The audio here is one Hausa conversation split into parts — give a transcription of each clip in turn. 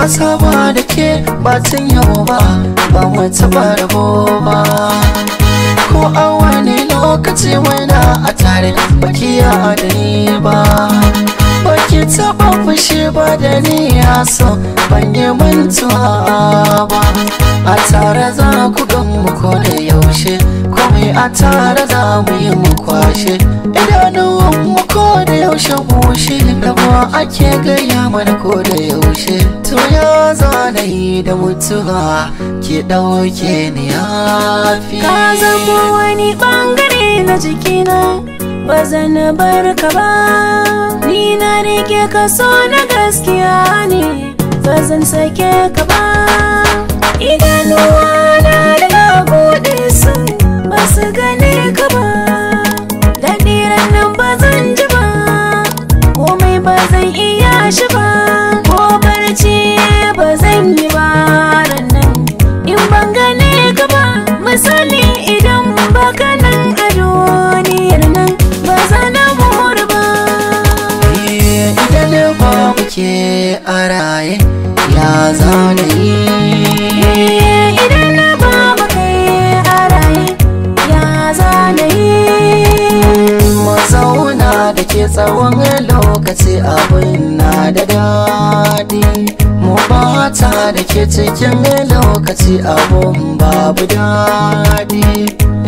na saba da ke ba tun yau ba ba mu taba rabo ba ko a wani lokaci muna a tare baki ya da ni ba baki taba fushi ba da ni ya so ban yi mantuwa ba a tare za ku gan mu ko da yaushe komai a tare za mu yi mu kwashe idanuwan mu ko da yaushe bushe da ake gaya mana ko da yaushe da mutuwa ki ɗauke ni yafi ka zamo wani bangare na jikina ba zan bar ka ba ni na rike ka so na gaskiya ne ba zan sake ka ba idanuwa ke a raye ya zaune yi idan na babu kai a raye ya zaune yi mu zauna da ke tsawon lokaci abin na da daɗi mu bata da ke cikin lokaci abun babu daɗi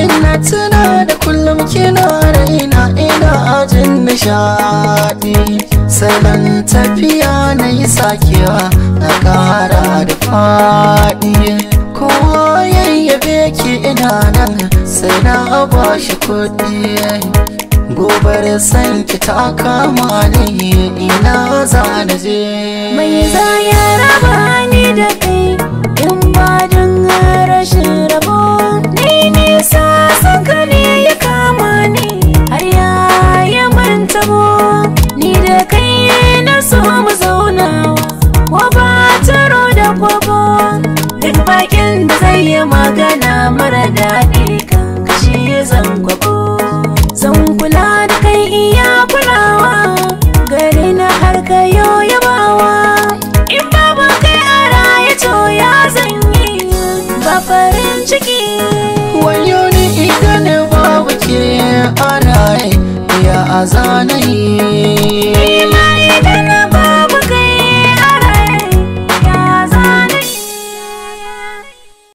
ina tuna da kullum kina raina ina ajin nishaɗi salon tafiya na yi sakewa na ƙara da faɗi kowa yayyabe ki ina nan sai na ba shi kuɗi gobar ki ta kama ni ina za na je mai yi magana mara daɗi kan kashi zan kwabo zan kula da kai iya kulawa gari na har kayo yabawa in babu kai a raye to ya zan yi ba farin ciki wayo ni ita ne babu ke a raye ya a zanayi